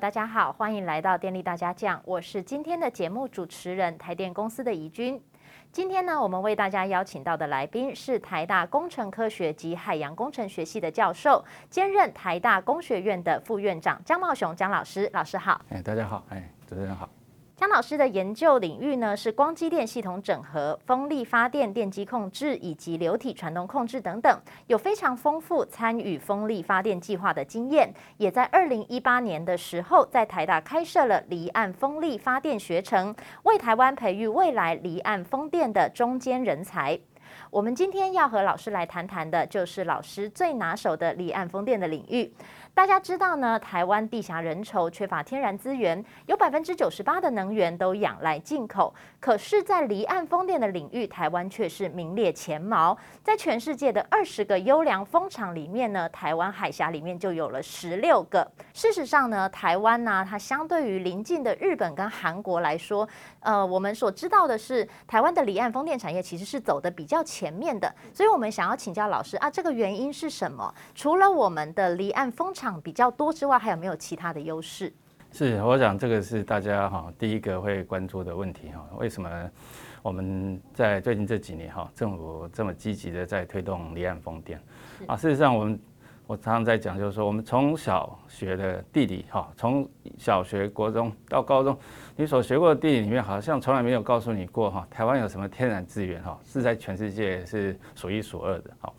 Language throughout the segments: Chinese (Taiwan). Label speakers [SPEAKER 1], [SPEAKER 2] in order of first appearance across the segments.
[SPEAKER 1] 大家好，歡迎來到電力大家講，我是今天的節目主持人台電公司的怡君。今天呢，我們為大家邀請到的來賓是台大工程科學及海洋工程學系的教授，兼任台大工學院的副院長江茂雄江老師。老師好，
[SPEAKER 2] 哎，大家好，哎，主持人好。
[SPEAKER 1] 江老師的研究領域呢，是光機電系統整合、風力發電、電機控制以及流體傳動控制等等，有非常豐富參與風力發電計劃的經驗，也在二零一八年的時候在台大開設了離岸風力發電學程，為台灣培育未來離岸風電的中堅人才。我們今天要和老師來談談的，就是老師最拿手的離岸風電的領域。大家知道呢，台灣地狹人稠，缺乏天然資源，有百分之九十八的能源都仰賴進口。可是，在離岸風電的領域，台灣卻是名列前茅。在全世界的二十個優良風場裡面呢，台灣海峽裡面就有了十六個。事實上呢，台灣呢，啊，它相對於鄰近的日本跟韓國來說，呃，我們所知道的是，台灣的離岸風電產業其實是走得比較前面的。所以，我們想要請教老師啊，這個原因是什麼？除了我們的離岸風場。比較多之外，還有沒有其他的優勢？是，
[SPEAKER 2] 我想這個是大家哈第一個會關注的問題哈。為什麼我們在最近這幾年哈，政府這麼積極的在推動離岸風電？啊，事實上，我們我常常在講，就是說，我們從小學的地理哈，從小學、國中到高中，你所學過的地理裡面，好像從來沒有告訴你過哈，台灣有什麼天然資源哈，是在全世界是數一數二的哈。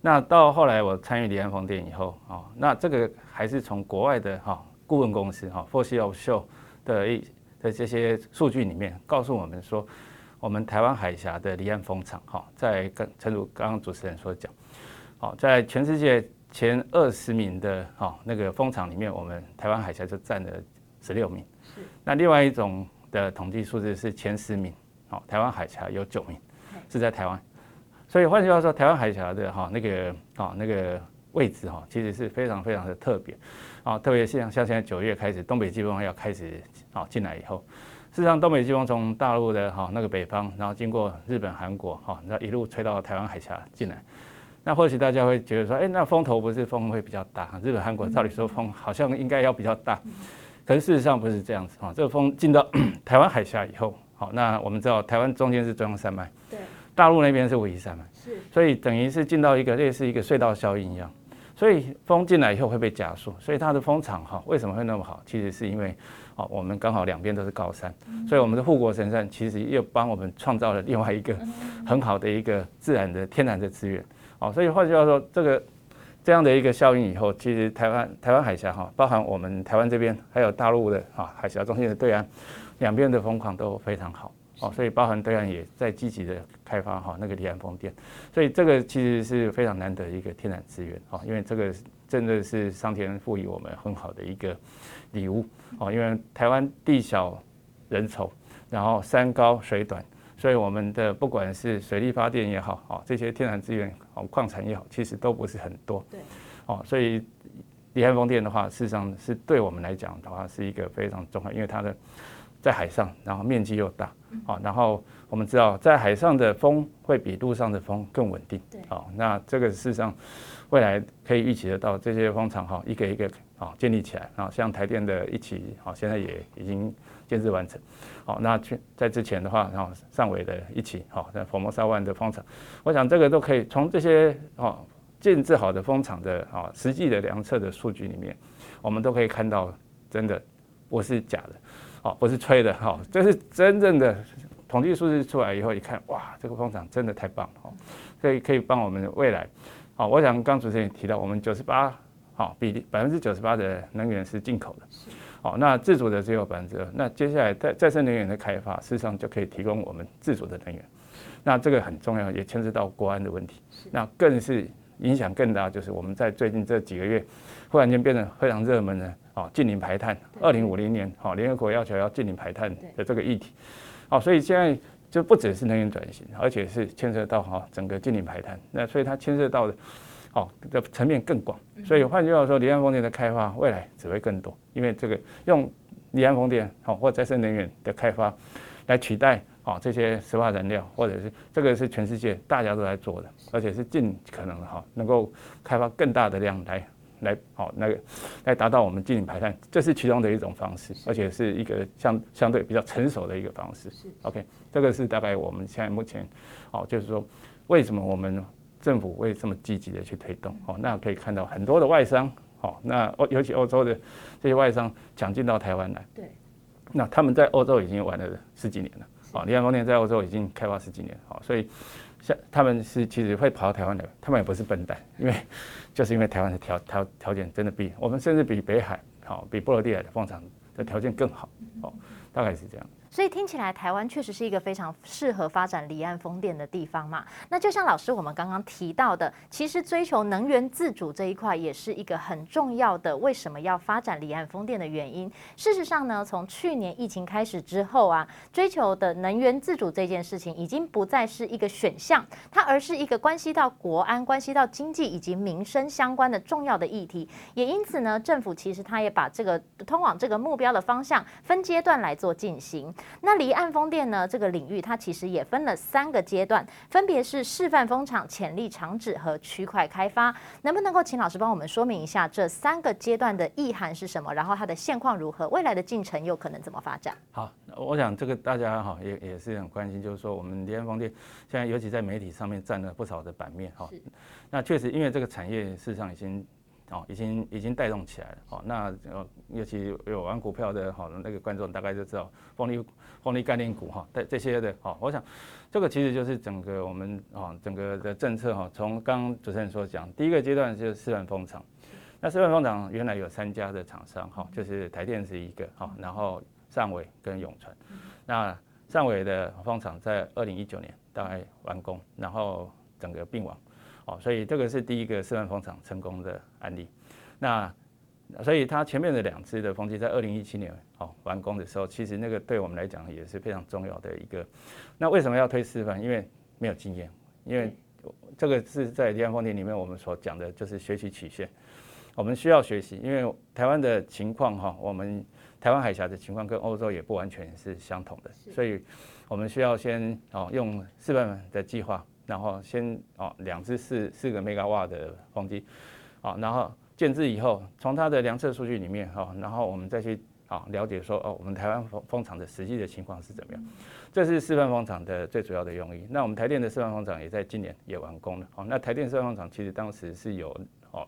[SPEAKER 2] 那到後來我參與離岸風電以後，哦，那這個還是從國外的哈顧問公司哈 4C Offshore 的一的這些數據裡面告訴我們說，我們臺灣海峽的離岸風場哈，在跟陳如剛剛主持人所講，好在全世界前二十名的哈那個風場裡面，我們臺灣海峽就佔了十六名。那另外一種的統計數字是前十名，哦，臺灣海峽有九名是在臺灣。所以換句話說，台灣海峽的哈那個啊那個位置哈，其實是非常非常的特別，啊，特別是像像現在九月開始東北季風要開始好進來以後，事實上東北季風從大陸的哈那個北方，然後經過日本、韓國哈，然後一路吹到台灣海峽進來，那或許大家會覺得說，哎，那風頭不是風會比較大，日本、韓國照理說風好像應該要比較大，可是事實上不是這樣子，哈，這個風進到台灣海峽以後，好，那我們知道台灣中間是中央山脈，對。大陸那邊是武夷山嘛，是，所以等於是進到一個類似一個隧道效應一樣，所以風進來以後會被加速，所以它的風場哈為什麼會那麼好？其實是因為，哦，我們剛好兩邊都是高山，所以我們的護國神山其實又幫我們創造了另外一個很好的一個自然的天然的資源。哦，所以換句話說，這個這樣的一個效應以後，其實台灣台灣海峽哈，包含我們台灣這邊還有大陸的啊海峽中心的對岸，兩邊的風況都非常好。哦，所以包含對岸也在積極的開發哈那個離岸風電，所以這個其實是非常難得一個天然資源哈，因為這個真的是上天賦予我們很好的一個禮物哦。因為台灣地小人稠，然後山高水短，所以我們的不管是水力發電也好，哦，這些天然資源哦礦產也好，其實都不是很多。對，哦，所以離岸風電的話，事實上是對我們來講的話是一個非常重要，因為它的在海上，然後面積又大。好，然後我們知道，在海上的風會比陸上的風更穩定。對。好、哦，那這個事實上，未來可以預期得到這些風場哈，一個一個建立起來。然後像台電的一期好，現在也已經建設完成。好，那在之前的話，然後上緯的一期哈，在福摩沙灣的風場。我想這個都可以從這些好建制好的風場的啊實際的量測的數據裡面，我們都可以看到，真的不是假的。好，不是吹的，哈，這是真正的統計數字出來以後，一看，哇，這個風場真的太棒了，哈，可以可以幫我們的未來，好，我想剛主持人也提到，我們九十八，好，比例百分之九十八的能源是進口的，好，那自主的只有百分之二，那接下來再再生能源的開發，事實上就可以提供我們自主的能源，那這個很重要，也牽涉到國安的問題，那更是影響更大，就是我們在最近這幾個月，忽然間變得非常熱門的。哦，淨零排碳，二零五零年，哈，聯合國要求要淨零排碳的這個議題，哦，所以現在就不只是能源轉型，而且是牽涉到哈整個淨零排碳，那所以它牽涉到的，哦的層面更廣，所以換句話說，離岸風電的開發未來只會更多，因為這個用離岸風電，哈或再生能源的開發來取代，哦這些石化燃料，或者是這個是全世界大家都在做的，而且是盡可能的哈能夠開發更大的量來。來，好、哦，那個來達到我們淨零排碳，這是其中的一種方式，而且是一個相相對比較成熟的一個方式。OK，這個是大概我們現在目前，好、哦，就是說為什麼我們政府會這麼積極的去推動？哦，那可以看到很多的外商，哦，那歐尤其歐洲的這些外商搶進到台灣來。
[SPEAKER 1] 對。
[SPEAKER 2] 那他們在歐洲已經玩了十幾年了，哦，離岸風電在歐洲已經開發十幾年，哦，所以。像他們是其實會跑到台灣的，他們也不是笨蛋，因為就是因為台灣的條條條件真的比我們甚至比北海好，哦，比波羅的海的風場的條件更好，哦，大概是這樣。
[SPEAKER 1] 所以聽起來，台灣確實是一個非常適合發展離岸風電的地方嘛。那就像老師我們剛剛提到的，其實追求能源自主這一塊也是一個很重要的，為什麼要發展離岸風電的原因。事實上呢，從去年疫情開始之後啊，追求的能源自主這件事情已經不再是一個選項，它而是一個關係到國安、關係到經濟以及民生相關的重要的議題。也因此呢，政府其實它也把這個通往這個目標的方向分階段來做進行。那離岸風電呢？這個領域它其實也分了三個階段，分別是示範風場、潛力場址和區塊開發。能不能夠請老師幫我們說明一下這三個階段的意涵是什麼？然後它的現況如何？未來的進程又可能怎麼發展？
[SPEAKER 2] 好，我想這個大家哈也也是很關心，就是說我們離岸風電現在尤其在媒體上面占了不少的版面哈。那確實因為這個產業市場已經。哦，已經已經帶動起來了。哦，那尤其有玩股票的，哈、哦，那個觀眾大概就知道風力風力概念股哈，帶、哦、這些的。哈、哦，我想這個其實就是整個我們啊、哦，整個的政策哈、哦，從剛剛主持人所講，第一個階段就是示範風場。那示範風場原來有三家的廠商，哈、哦，就是台電是一個，哈、哦，然後汕尾跟永傳、嗯。那汕尾的風場在二零一九年大概完工，然後整個併網。哦，所以這個是第一個示範風場成功的案例，那所以它前面的兩支的風機在二零一七年哦完工的時候，其實那個對我們來講也是非常重要的一個。那為什麼要推示範？因為沒有經驗，因為這個是在離岸風電裡面我們所講的就是學習曲線，我們需要學習，因為台灣的情況哈，我們台灣海峽的情況跟歐洲也不完全是相同的，所以我們需要先哦用示範的計劃。然後先哦，兩至四四個兆瓦的風機，哦，然後建置以後，從它的量測數據裡面哈、哦，然後我們再去啊了解說哦，我們台灣風風場的實際的情況是怎麼樣，嗯。這是示範風場的最主要的用意。那我們台電的示範風場也在今年也完工了。哦，那台電示範風場其實當時是有哦，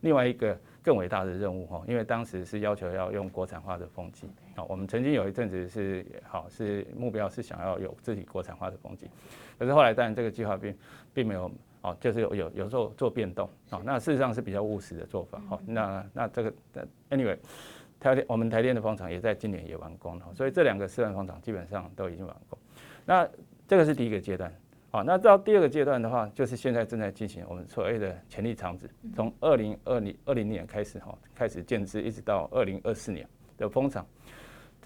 [SPEAKER 2] 另外一個更偉大的任務哈、哦，因為當時是要求要用國產化的風機。哦、我們曾經有一陣子是好是目標是想要有自己國產化的風機。可是後來當然這個計劃並並沒有哦，就是有有有時候做變動、哦、那事實上是比較務實的做法、哦、那那這個呃，anyway，台我們台電的風場也在今年也完工、哦、所以這兩個示範風場基本上都已經完工。那這個是第一個階段、哦、那到第二個階段的話，就是現在正在進行我們所謂的潛力場址，從二零二零二零年開始哈、哦，開始建置一直到二零二四年的風場。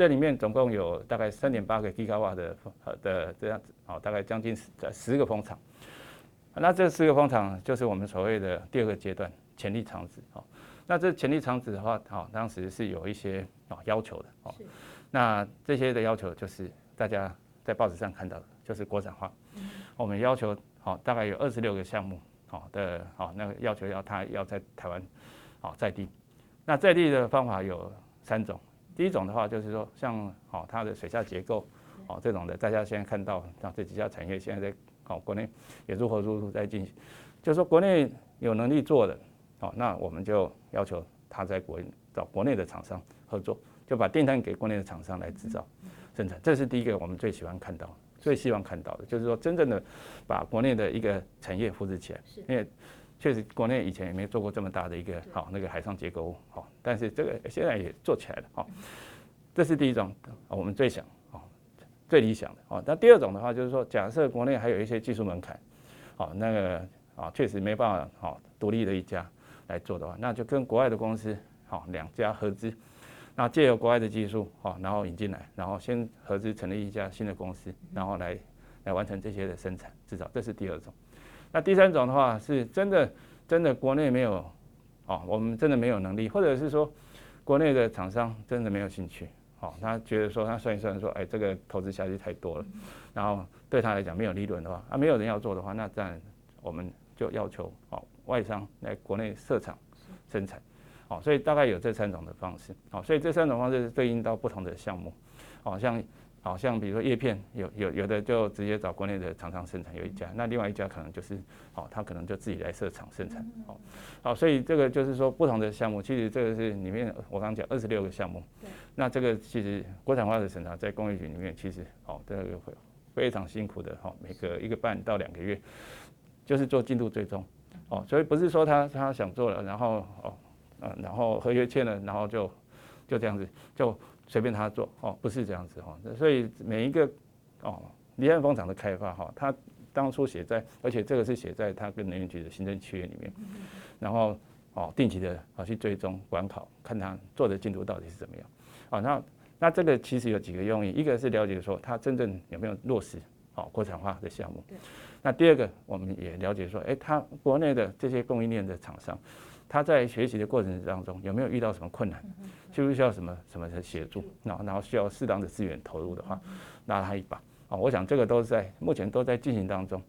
[SPEAKER 2] 這裡面總共有大概三點八個吉卡瓦的的這樣子，大概將近十十個風場。那這四個風場就是我們所謂的第二個階段潛力場址。那這潛力場址的話，哦，當時是有一些要求的。那這些的要求就是大家在報紙上看到的，就是國產化。嗯、我們要求好，大概有二十六個項目的那個要求，要它要在台灣在地。那在地的方法有三種。第一種的話就是說，像好它的水下結構，好這種的，大家現在看到，像這幾家產業現在在搞國內也如火如荼在進行，就是說國內有能力做的，好那我們就要求他在國內找國內的廠商合作，就把訂單給國內的廠商來制造生產，這是第一個我們最喜歡看到，最希望看到的，就是說真正的把國內的一個產業扶持起來，因為。確實，國內以前也沒做過這麼大的一個好那個海上結構物，好，但是這個現在也做起來了，好，這是第一種，我們最想啊最理想的，好，那第二種的話就是說，假設國內還有一些技術門檻，好，那個啊確實沒辦法好，獨立的一家來做的話，那就跟國外的公司好兩家合資，那借由國外的技術好，然後引進來，然後先合資成立一家新的公司，然後來來完成這些的生產制造，這是第二種。那第三種的話，是真的，真的國內沒有，哦，我們真的沒有能力，或者是說，國內的廠商真的沒有興趣，哦，他覺得說他算一算，說，哎，這個投資下去太多了，然後對他來講沒有利潤的話，啊，沒有人要做的話，那當然我們就要求哦，外商來國內設廠生產，哦，所以大概有這三種的方式，哦，所以這三種方式是對應到不同的項目，哦，像。好像比如說葉片，有有有的就直接找國內的廠商生產，有一家，那另外一家可能就是，哦，他可能就自己來設廠生產，哦，好、哦，所以這個就是說不同的項目，其實這個是裡面我剛講二十六個項目，那這個其實國產化的審查在工業局裡面其實，哦，這個會非常辛苦的，哈、哦，每隔一個半到兩個月就是做進度追蹤，哦，所以不是說他他想做了，然後哦，嗯，然後合約簽了，然後就就這樣子就。隨便他做哦，不是這樣子哈，所以每一個哦，離岸風場的開發哈，他當初寫在，而且這個是寫在他跟能源局的行政契約裡面，然後哦，定期的啊去追蹤、管考，看他做的進度到底是怎麼樣。啊，那那這個其實有幾個用意，一個是了解說他真正有沒有落實好國產化的項目，那第二個我們也了解說，誒，他國內的這些供應鏈的廠商。他在學習的過程當中有沒有遇到什麼困難？需不需要什麼什麼的協助？然後需要適當的資源投入的話，拉他一把啊！我想這個都是在目前都在進行當中。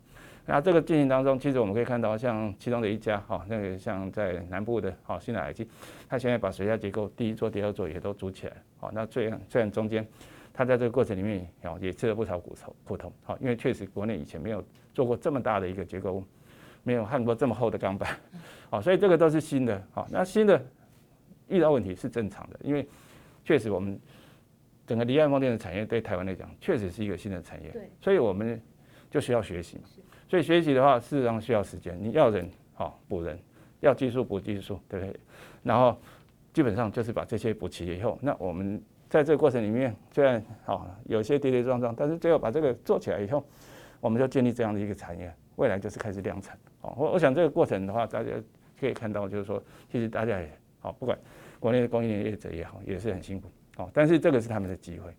[SPEAKER 2] 那這個進行當中，其實我們可以看到，像其中的一家哈，那個像在南部的哈興達海基，他現在把水下結構第一座、第二座也都組起來了。好，那這樣雖然中間他在這個過程裡面也吃了不少苦頭，苦頭。好，因為確實國內以前沒有做過這麼大的一個結構物。沒有焊過這麼厚的鋼板，好，所以這個都是新的。好，那新的遇到問題是正常的，因為確實我們整個離岸風電的產業對台灣來講，確實是一個新的產業。所以我們就需要學習嘛。所以學習的話，事實上需要時間。你要人，好補人；要技術，補技術，對不對？然後基本上就是把這些補齊以後，那我們在這個過程裡面，雖然好、哦、有些跌跌撞撞，但是最後把這個做起來以後，我們就建立這樣的一個產業，未來就是開始量產。哦，我我想這個過程的話，大家可以看到，就是說，其實大家也好，不管國內的工業業者也好，也是很辛苦。哦，但是這個是他們的機會。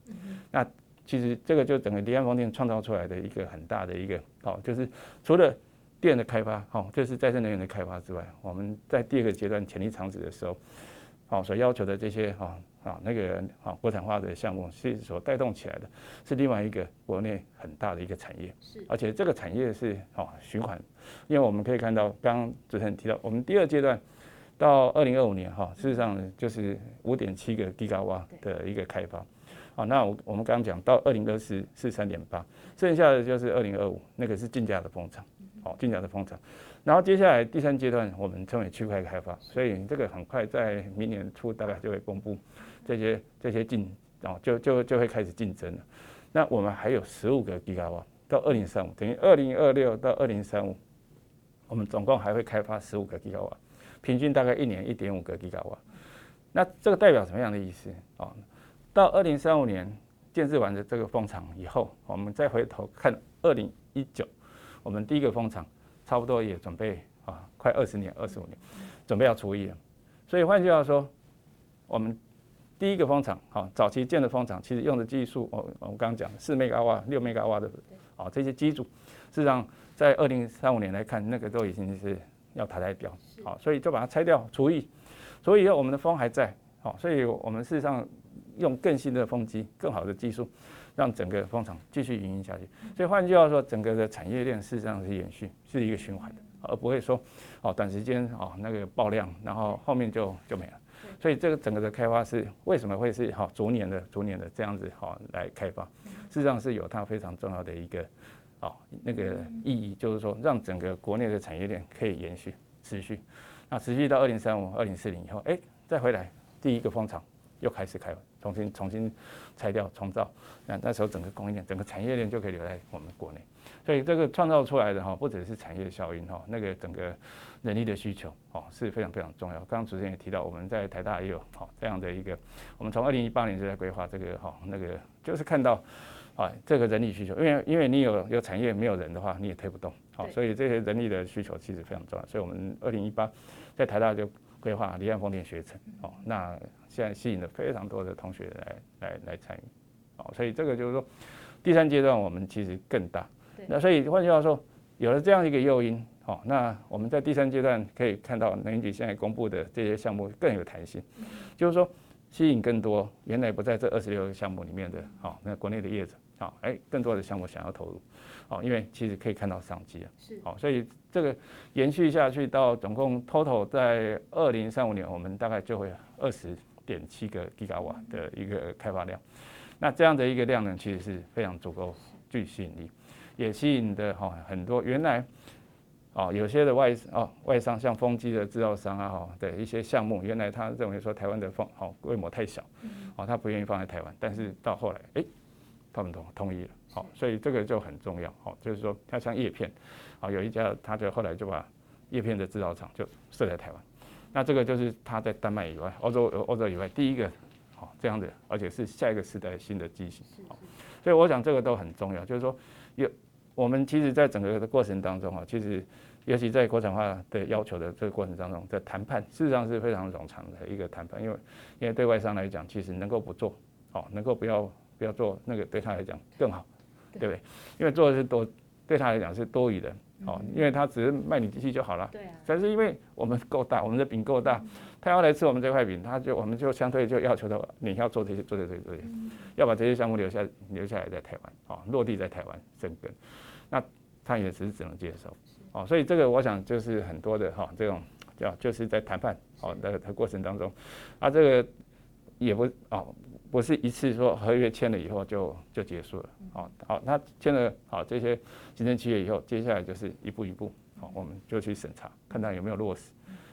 [SPEAKER 2] 那其實這個就整個離岸風電創造出來的一個很大的一個哦，就是除了電的開發，哦，就是再生能源的開發之外，我們在第二個階段潛力場址的時候，哦，所要求的這些。啊，那個啊，國產化的項目是所帶動起來的，是另外一個國內很大的一個產業。是，而且這個產業是啊循環，因為我們可以看到，剛剛主持人提到，我們第二階段到二零二五年哈、啊，事實上就是五點七個吉瓦的一個開發。好、啊，那我我們剛剛講到二零二四是三點八，剩下的就是二零二五那個是競價的風場，哦、啊，競價的風場。然後接下來第三階段我們稱為區塊開發，所以這個很快在明年初大概就會公布。這些這些競啊、哦，就就就會開始競爭了。那我們還有十五個吉瓦到二零三五，等於二零二六到二零三五，我們總共還會開發十五個吉瓦，平均大概一年一點五個吉瓦。那這個代表什麼樣的意思啊、哦？到二零三五年建設完了這個風場以後，我們再回頭看二零一九，我們第一個風場差不多也準備啊、哦，快二十年、二十五年，準備要除役。所以換句話說，我們。第一個風場，哈，早期建的風場，其實用的技術，我我們剛剛講四兆瓦、六兆瓦的，啊，這些機組，事實上，在二零三五年來看，那個都已經是要淘汰掉，所以就把它拆掉除役。所以我們的風還在，好，所以我們事實上用更新的風機、更好的技術，讓整個風場繼續運營下去。所以換句話說，整個的產業鏈事實上是延續，是一個循環的，而不會說，哦，短時間，哦，那個爆量，然後後面就就沒了。所以這個整個的開發是為什麼會是好逐年的逐年的這樣子好來開發，事實上是有它非常重要的一個哦那個意義，就是說讓整個國內的產業鏈可以延續持續，那持續到二零三五二零四零以後，哎、欸、再回來第一個風場又開始開，重新重新拆掉重造，那那時候整個供應鏈整個產業鏈就可以留在我們國內。所以這個創造出來的哈，不只是產業效應哈，那個整個人力的需求哦是非常非常重要。剛剛主持人也提到，我們在台大也有好這樣的一個，我們從二零一八年就在規劃這個哈，那個就是看到啊這個人力需求，因為因為你有有產業沒有人的話你也推不動，好，所以這些人力的需求其實非常重要。所以我們二零一八在台大就規劃離岸風電學城哦，那現在吸引了非常多的同學來來來參與，好，所以這個就是說第三階段我們其實更大。那所以換句話說，有了這樣一個誘因，哦，那我們在第三階段可以看到能源局現在公布的這些項目更有彈性，就是說吸引更多原來不在這二十六個項目裡面的，哦，那國內的業主，哦，哎、欸，更多的項目想要投入，哦，因為其實可以看到商機啊，是哦，所以這個延續下去到總共 total 在二零三五年，我們大概就會二十點七個 g 瓦瓦的一個開發量，那這樣的一個量呢，其實是非常足夠具吸引力。也吸引的哈很多原來，哦，有些的外哦外商像風機的製造商啊哈的一些項目，原來他認為說，台灣的風好規模太小，哦，他不願意放在台灣，但是到後來誒、欸，他們同同意了，好，所以這個就很重要，好，就是說他像葉片好，有一家他就後來就把葉片的製造廠就設在台灣，那這個就是他在丹麥以外，歐洲歐洲以外第一個好，這樣子。而且是下一個時代新的機型好，所以我想這個都很重要，就是說。有我們其實在整個的過程當中啊，其實尤其在國產化的要求的這個過程當中的談判，事實上是非常冗長的一個談判，因為因為對外商來講，其實能夠不做哦，能夠不要不要做那個，對他來講更好，對不對？因為做的是多。對他來講是多餘的哦，因為他只是賣你機器就好了。對啊。是因為我們夠大，我們的餅夠大，他要來吃我們這塊餅，他就我們就相對就要求他，你要做這些做這些做這些，要把這些項目留下留下，留下來在台灣哦，落地在台灣生根。那他也只是只能接受哦，所以這個我想就是很多的哈、哦，這種叫就是在談判哦的過程當中，啊，這個也不哦。不是一次說合約簽了以後就就結束了、哦，好，好，那簽了好這些行政契約以後，接下來就是一步一步，好，我們就去審查，看他有沒有落實，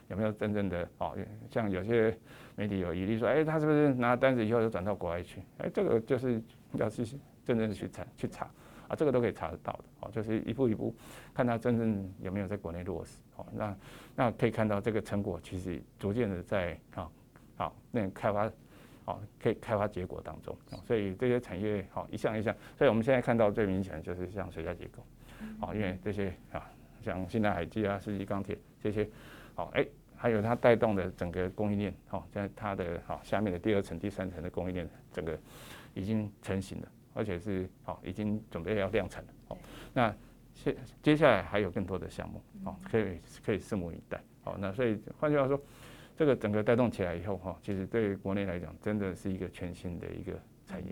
[SPEAKER 2] 有沒有真正的，哦，像有些媒體有疑慮說，哎，他是不是拿單子以後就轉到國外去？哎，這個就是要去真正的去查去查，啊，這個都可以查得到的，哦，就是一步一步看他真正有沒有在國內落實，哦，那那可以看到這個成果其實逐漸的在啊，好，那開發。好，可以開花結果當中，所以這些產業好一項一項，所以我們現在看到最明顯的就是像水下結構，好，因為這些啊，像興達海基啊、世紀鋼鐵這些，好，還有它帶動的整個供應鏈，好，在它的好下面的第二層、第三層的供應鏈，整個已經成型了，而且是好已經準備要量產了，好，那接接下來還有更多的項目，好，可以可以拭目以待，好，那所以換句話說。這個整個帶動起來以後，哈，其實對於國內來講，真的是一個全新的一個產業。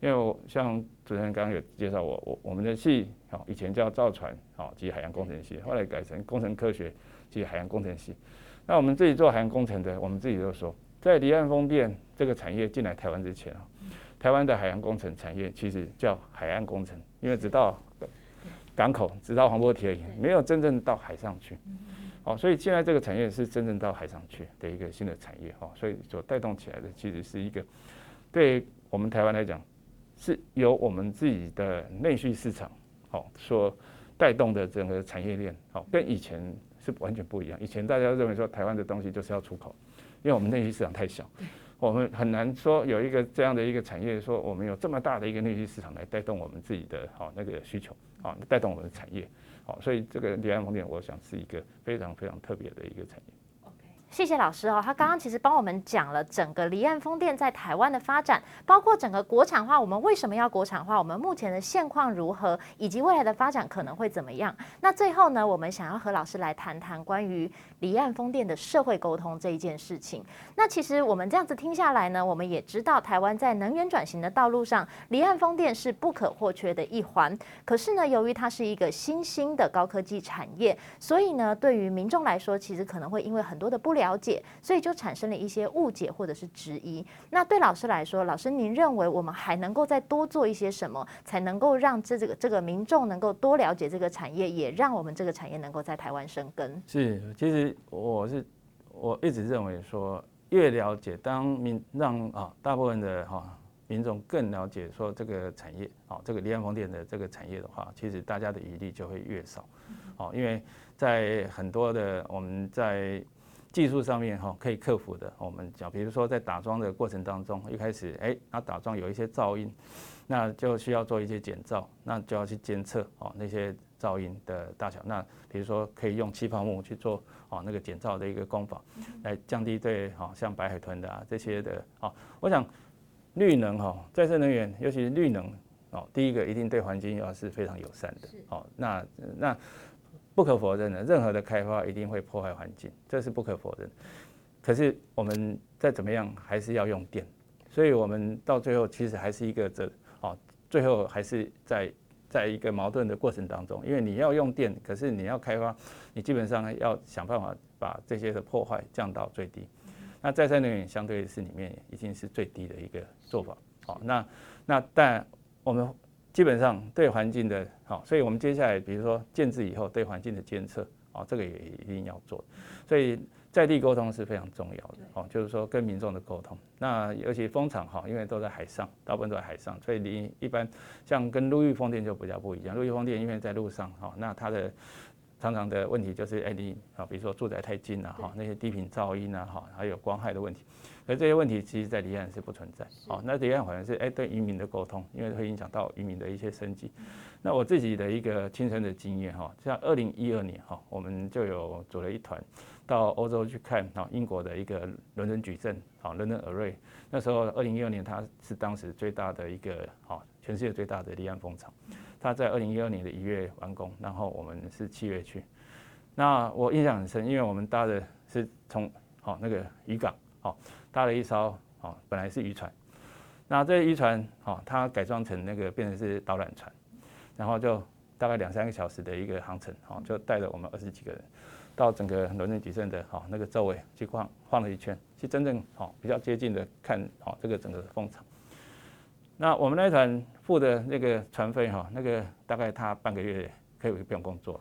[SPEAKER 2] 因為我像主持人剛剛有介紹，我我我們的系，好，以前叫造船，好及海洋工程系，後來改成工程科學及海洋工程系。那我們自己做海洋工程的，我們自己都說，在離岸風電這個產業進來台灣之前，台灣的海洋工程產業其實叫海岸工程，因為直到港口，直到防波堤，沒有真正到海上去。哦，所以現在這個產業是真正到海上去的一個新的產業。哈，所以所帶動起來的，其實是一個對我們台灣來講，是由我們自己的內需市場，好，所帶動的整個產業鏈。好，跟以前是完全不一樣。以前大家認為說台灣的東西就是要出口，因為我們內需市場太小，我們很難說有一個這樣的一個產業，說我們有這麼大的一個內需市場來帶動我們自己的好，那個需求，好帶動我們的產業。好，所以這個離岸風電，我想是一個非常非常特別的一個產業。
[SPEAKER 1] 謝謝老師哦，他剛剛其實幫我們講了整個離岸風電在台灣的發展，包括整個國產化，我們為什麼要國產化，我們目前的現況如何，以及未來的發展可能會怎麼樣。那最後呢，我們想要和老師來談談關於離岸風電的社會溝通這一件事情。那其實我們這樣子聽下來呢，我們也知道台灣在能源轉型的道路上，離岸風電是不可或缺的一環。可是呢，由於它是一個新興的高科技產業，所以呢，對於民眾來說，其實可能會因為很多的不良。了解，所以就產生了一些誤解或者是質疑。那對老師來說，老師您認為我們還能夠再多做一些什麼，才能夠讓這這個這個民眾能夠多了解這個產業，也讓我們這個產業能夠在台灣生根？
[SPEAKER 2] 是，其實我是我一直認為說，越了解，當民讓啊、哦，大部分的哈、哦、民眾更了解說這個產業啊、哦，這個離岸風電的這個產業的話，其實大家的疑慮就會越少，好、哦，因為在很多的我們在。技術上面哈可以克服的，我們講，比如說在打樁的過程當中，一開始哎，那打樁有一些噪音，那就需要做一些減噪，那就要去監測哦那些噪音的大小。那比如說可以用氣泡幕去做哦那個減噪的一個工法，來降低對哦像白海豚的啊這些的哦。我想，綠能哈再生能源，尤其是綠能哦，第一個一定對環境要是非常友善的哦。那那。不可否認的，任何的開發一定會破壞環境，這是不可否認。可是我們再怎麼樣，還是要用電，所以我們到最後其實還是一個這哦，最後還是在在一個矛盾的過程當中，因為你要用電，可是你要開發，你基本上要想辦法把這些的破壞降到最低。那再生能源相對是裡面已經是最低的一個做法。好，那那但我們。基本上對環境的，好，所以我們接下來比如說建置，以後對環境的監測啊，這個也一定要做，所以在地溝通是非常重要的哦，就是說跟民眾的溝通。那尤其風場哈，因為都在海上，大部分都在海上，所以你一般像跟陸域風電就比較不一樣，陸域風電因為在路上哈，那它的。常常的問題就是，哎，你啊，比如說住宅太近了、啊、哈，那些低頻噪音啊，哈，還有光害的問題。而這些問題其實在離岸是不存在。好，那離岸好像是哎，對漁民的溝通，因為會影響到漁民的一些生計。嗯、那我自己的一個親身的經驗哈，像二零一二年哈，我們就有組了一團到歐洲去看哈，英國的一個倫敦矩陣，好，倫敦 Array。那時候二零一二年它是當時最大的一個，好，全世界最大的離岸風場。他在二零一二年的一月完工，然後我們是七月去。那我印象很深，因為我們搭的是從好、哦、那個漁港，好、哦、搭了一艘好、哦、本來是漁船，那這漁船好、哦、它改裝成那個變成是導覽船，然後就大概兩三個小時的一個航程，好、哦、就帶着我們二十幾個人到整個倫敦陣列的哈、哦、那個周圍去逛逛了一圈，去真正好、哦、比較接近的看好、哦、這個整個風場。那我們那船付的那個船費哈、哦，那個大概他半個月可以不用工作，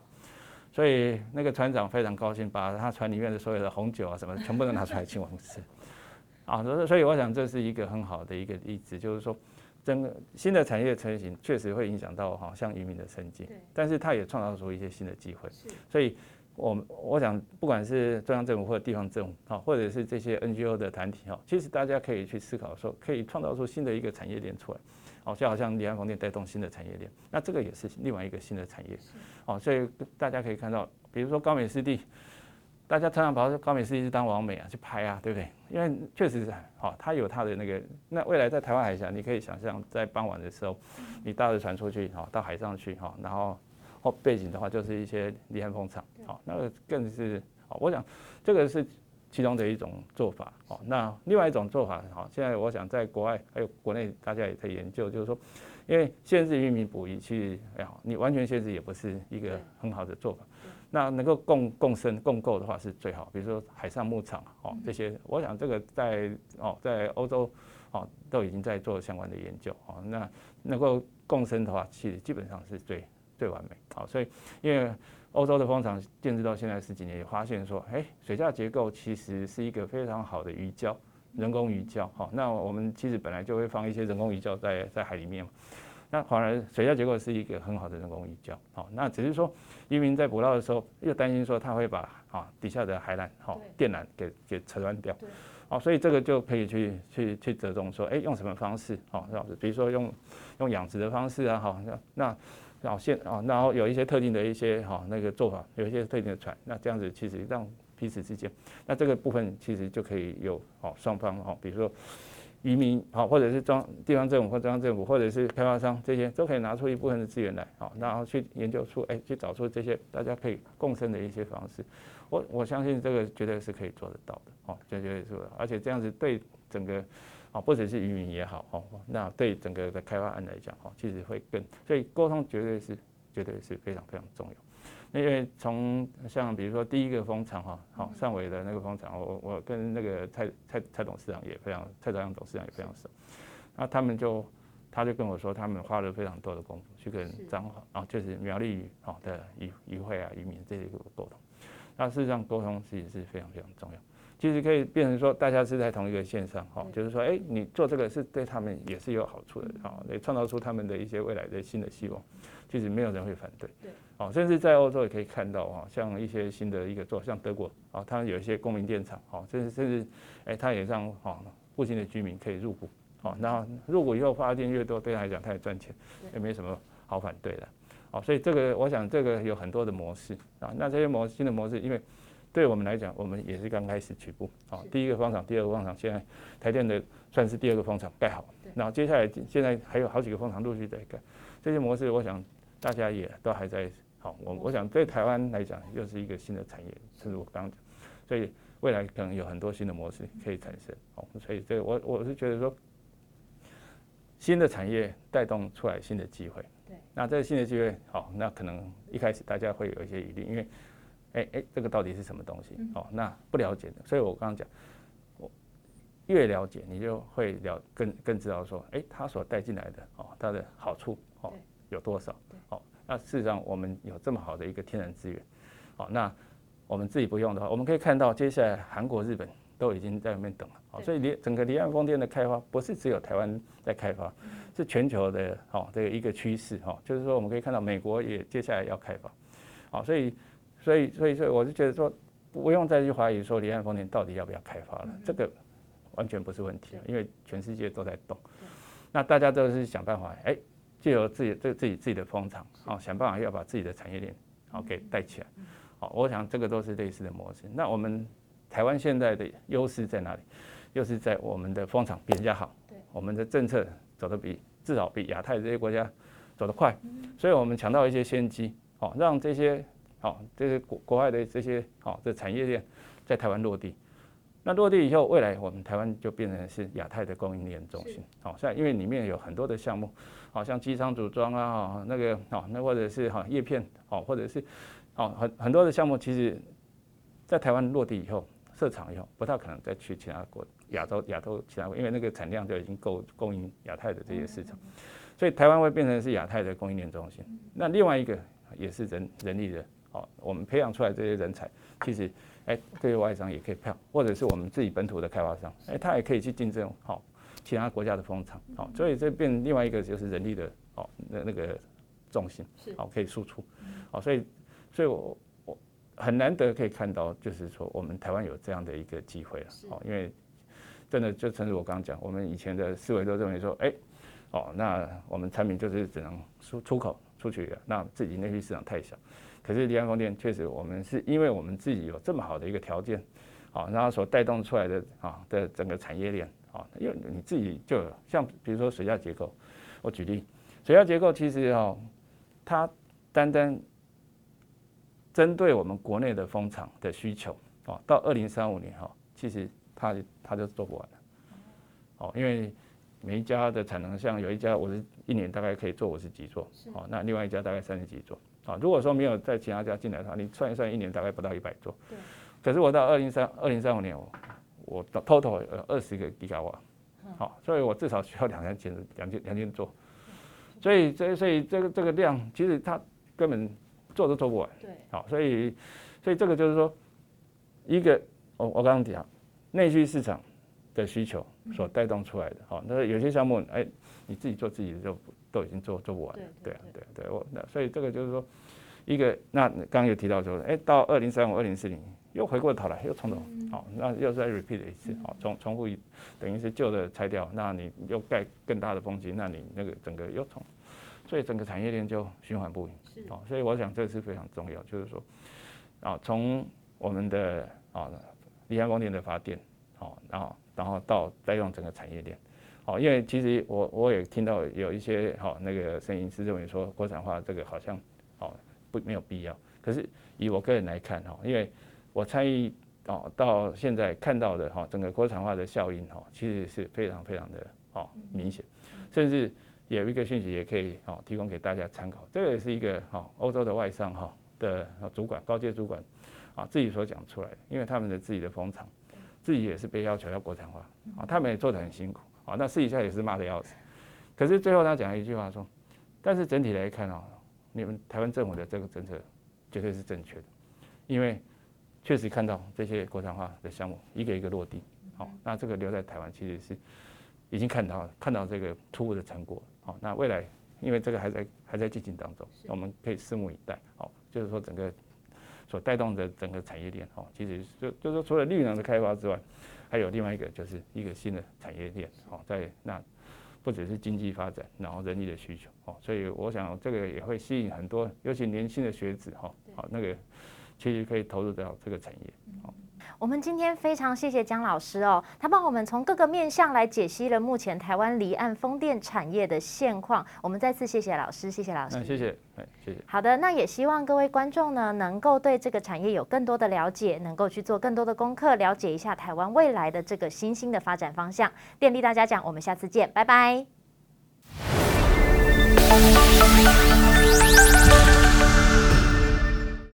[SPEAKER 2] 所以那個船長非常高興，把他船裡面的所有的紅酒啊什麼全部都拿出來請我們吃， 啊，所以所以我想這是一個很好的一個例子，就是說，整個新的產業成型確實會影響到好像漁民的生計，但是他也創造出一些新的機會，所以。我我想，不管是中央政府或者地方政府或者是這些 NGO 的團體，其實大家可以去思考說，可以創造出新的一個產業鏈出來，好就好像離岸風電帶動新的產業鏈，那這個也是另外一個新的產業，所以大家可以看到，比如說高美濕地，大家常常把高美濕地是當網美啊去拍啊，對不對？因為確實是好，它有它的那個，那未來在台灣海峽，你可以想象在傍晚的時候，你搭着船出去哈，到海上去哈，然後。背景的話，就是一些離岸風場。哦，那個更是哦，我想這個是其中的一種做法哦。那另外一種做法，好、哦，現在我想在國外還有國內，大家也在研究，就是說，因為限制漁民捕魚其實，也好、哎哦，你完全限制也不是一個很好的做法。那能夠共共生共構的話是最好，比如說海上牧場，哦，嗯、這些，我想這個在哦在歐洲哦都已經在做相關的研究，哦，那能夠共生的話，其實基本上是最。最完美好，所以因為歐洲的風場建置到現在十幾年，也發現說，哎，水下結構其實是一個非常好的魚礁，人工魚礁好，那我們其實本來就會放一些人工魚礁在在海裡面嘛。那反而水下結構是一個很好的人工魚礁好，那只是說漁民在捕撈的時候，又擔心說他會把啊底下的海纜、哦、電纜給給扯斷掉，好，所以這個就可以去去去折中說，哎，用什麼方式好，老師，比如說用用養殖的方式啊，好，那。導線啊，然後有一些特定的一些哈那個做法，有一些特定的船，那這樣子其實讓彼此之間，那這個部分其實就可以有哦雙方哦，比如說漁民好，或者是裝地方政府或者中央政府，或者是開發商這些，都可以拿出一部分的資源來哦，然後去研究出哎去找出這些大家可以共生的一些方式，我我相信這個絕對是可以做得到的哦，絕對做得到，而且這樣子對整個。啊，不只是漁民也好，吼，那對整個的開發案來講，吼，其實會更，所以溝通絕對是，絕對是非常非常重要。那因為從像比如說第一個風場，哈、嗯，好，上緯的那個風場，我我跟那個蔡蔡蔡董事長也非常，蔡朝陽董事長也非常熟，那他們就，他就跟我說，他們花了非常多的功夫去跟彰化，啊，就是苗栗魚，的漁漁會啊，漁民這些個溝通，那事實上溝通其實是非常非常重要。其實可以變成說，大家是在同一個線上哈，就是說，誒，你做這個是對他們也是有好處的哈，也創造出他們的一些未來的新的希望，其實沒有人會反對。對，甚至在歐洲也可以看到哈，像一些新的一個做，像德國啊，它有一些公民電廠哈，甚至甚至，誒，他也讓哈附近的居民可以入股哦，那入股以後發電越多，對他來講他也賺錢，也沒什麼好反對的。好，所以這個我想這個有很多的模式啊，那這些模新的模式，因為。對我們來講，我們也是剛開始起步好，第一個風場，第二個風場，現在台電的算是第二個風場蓋好。那接下來現在還有好幾個風場陸續在蓋，這些模式我想大家也都還在好。我我想對台灣來講又是一個新的產業，正如我剛剛講，所以未來可能有很多新的模式可以產生好，所以這我我是覺得說，新的產業帶動出來新的機會。對，那這個新的機會好，那可能一開始大家會有一些疑慮，因為。哎哎，這個到底是什麼東西？嗯、哦，那不了解的，所以我剛剛講，我越了解，你就會了，更更知道說，哎，它所帶進來的哦，它的好處哦有多少？好、哦，那事實上我們有這麼好的一個天然資源，好、哦，那我們自己不用的話，我們可以看到接下來韓國、日本都已經在外面等了，好、哦，所以離整個離岸風電的開發不是只有台灣在開發，是全球的哦的、這個、一個趨勢哈、哦，就是說我們可以看到美國也接下來要開發，好、哦，所以。所以，所以，所以，我就覺得說，不用再去懷疑說，離岸風電到底要不要開發了，這個完全不是問題，因為全世界都在動，那大家都是想辦法，哎，借由自己自己自己的風場，哦，想辦法要把自己的產業鏈好、哦、給帶起來，好，我想這個都是類似的模式。那我們台灣現在的優勢在哪裡？優勢在我們的風場比人家好，對，我們的政策走得比至少比亞太這些國家走得快，所以我們搶到一些先機，哦，讓這些。好，這些國國外的這些好，這產業鏈在台灣落地，那落地以後，未來我們台灣就變成是亞太，太的供應鏈中心。好，現在因為裡面有很多的項目，好，像機艙組裝啊，那個好，那或者是好葉片，好，或者是好很很多的項目，其實在台灣落地以後設廠以後，不大可能再去其他國亞洲亞洲其他國，因為那個產量就已經夠供應亞太的這些市場，所以台灣會變成是亞太的供應鏈中心。那另外一個也是人人力的。哦、我們培養出來這些人才，其實，哎、欸，這些外商也可以票，或者是我們自己本土的開發商，哎、欸，他也可以去競爭。好、哦，其他國家的風場，好、哦，所以這變另外一個就是人力的，哦，那那個重心，是，好，可以輸出，好、哦，所以，所以我我很難得可以看到，就是說我們台灣有這樣的一個機會了，好、哦，因為真的就正如我剛剛講，我們以前的思維都認為說，哎、欸，哦，那我們產品就是只能出出口出去、啊，那自己內需市場太小。可是，離岸風電確實，我們是因為我們自己有這麼好的一個條件，啊，然後所帶動出來的啊的整個產業鏈，啊，因為你自己就有，像比如說水下結構，我舉例，水下結構其實哦、啊，它單單針對我們國內的風場的需求，啊，到二零三五年哈、啊，其實它它就做不完了，哦，因為每一家的產能，像有一家，我是一年大概可以做五十幾座，好，那另外一家大概三十幾座。啊，如果說沒有在其他家進來的話，你算一算，一年大概不到一百座。可是我到二零三二零三五年，我我 total 呃二十個 G 卡瓦，好，所以我至少需要兩千千兩千兩千座。所以這所以這個這個量，其實它根本做都做不完。對。好，所以所以這個就是說，一個我我剛剛講，內需市場的需求所帶動出來的。好，那有些項目，哎。你自己做自己的就都已經做做不完了，對啊，對對，對對我那所以這個就是說，一個那剛剛有提到說，哎，到二零三五、二零四零又回過頭來又重頭，好、嗯哦，那又再 repeat 一次，好、哦，重重複一，等於是舊的拆掉，那你又蓋更大的風機，那你那個整個又重，所以整個產業鏈就循環不已哦，所以我想這是非常重要，就是說，啊、哦，從我們的啊、哦，離岸風電的發電，哦，然後然後到帶動整個產業鏈。哦，因為其實我我也聽到有一些哈、喔、那個聲音是認為說國產化這個好像哦、喔、不沒有必要。可是以我個人來看哈、喔，因為我參與哦到現在看到的哈、喔、整個國產化的效應哈、喔、其實是非常非常的哦、喔、明顯。甚至也有一個訊息也可以哦、喔、提供給大家參考，這個也是一個哦、喔、歐洲的外商哈、喔、的主管高階主管啊、喔、自己所講出來的，因為他們的自己的風場自己也是被要求要國產化，啊、喔、他們也做得很辛苦。好，那私底下也是罵得要死，可是最後他講了一句話說，但是整體來看啊、喔、你們台灣政府的這個政策絕對是正確的，因為確實看到這些國產化的項目一個一個落地，好，那這個留在台灣其實是已經看到了，看到這個初步的成果，好，那未來因為這個還在還在進行當中，我們可以拭目以待，好，就是說整個所帶動的整個產業鏈，好，其實就就是說除了綠能的開發之外。還有另外一個就是一個新的產業鏈，哦，在那不只是經濟發展，然後人力的需求，哦，所以我想這個也會吸引很多，尤其年輕的學子，哈，好，那個其實可以投入到這個產業，哦。
[SPEAKER 1] 我們今天非常謝謝江老師哦，他幫我們從各個面向來解析了目前台灣離岸風電產業的現況。我們再次謝謝老師，謝謝老師，謝謝，謝
[SPEAKER 2] 謝。
[SPEAKER 1] 好的，那也希望各位觀眾呢，能夠對這個產業有更多的了解，能夠去做更多的功課，了解一下台灣未來的這個新興的發展方向。電力大家講，我們下次見，拜拜。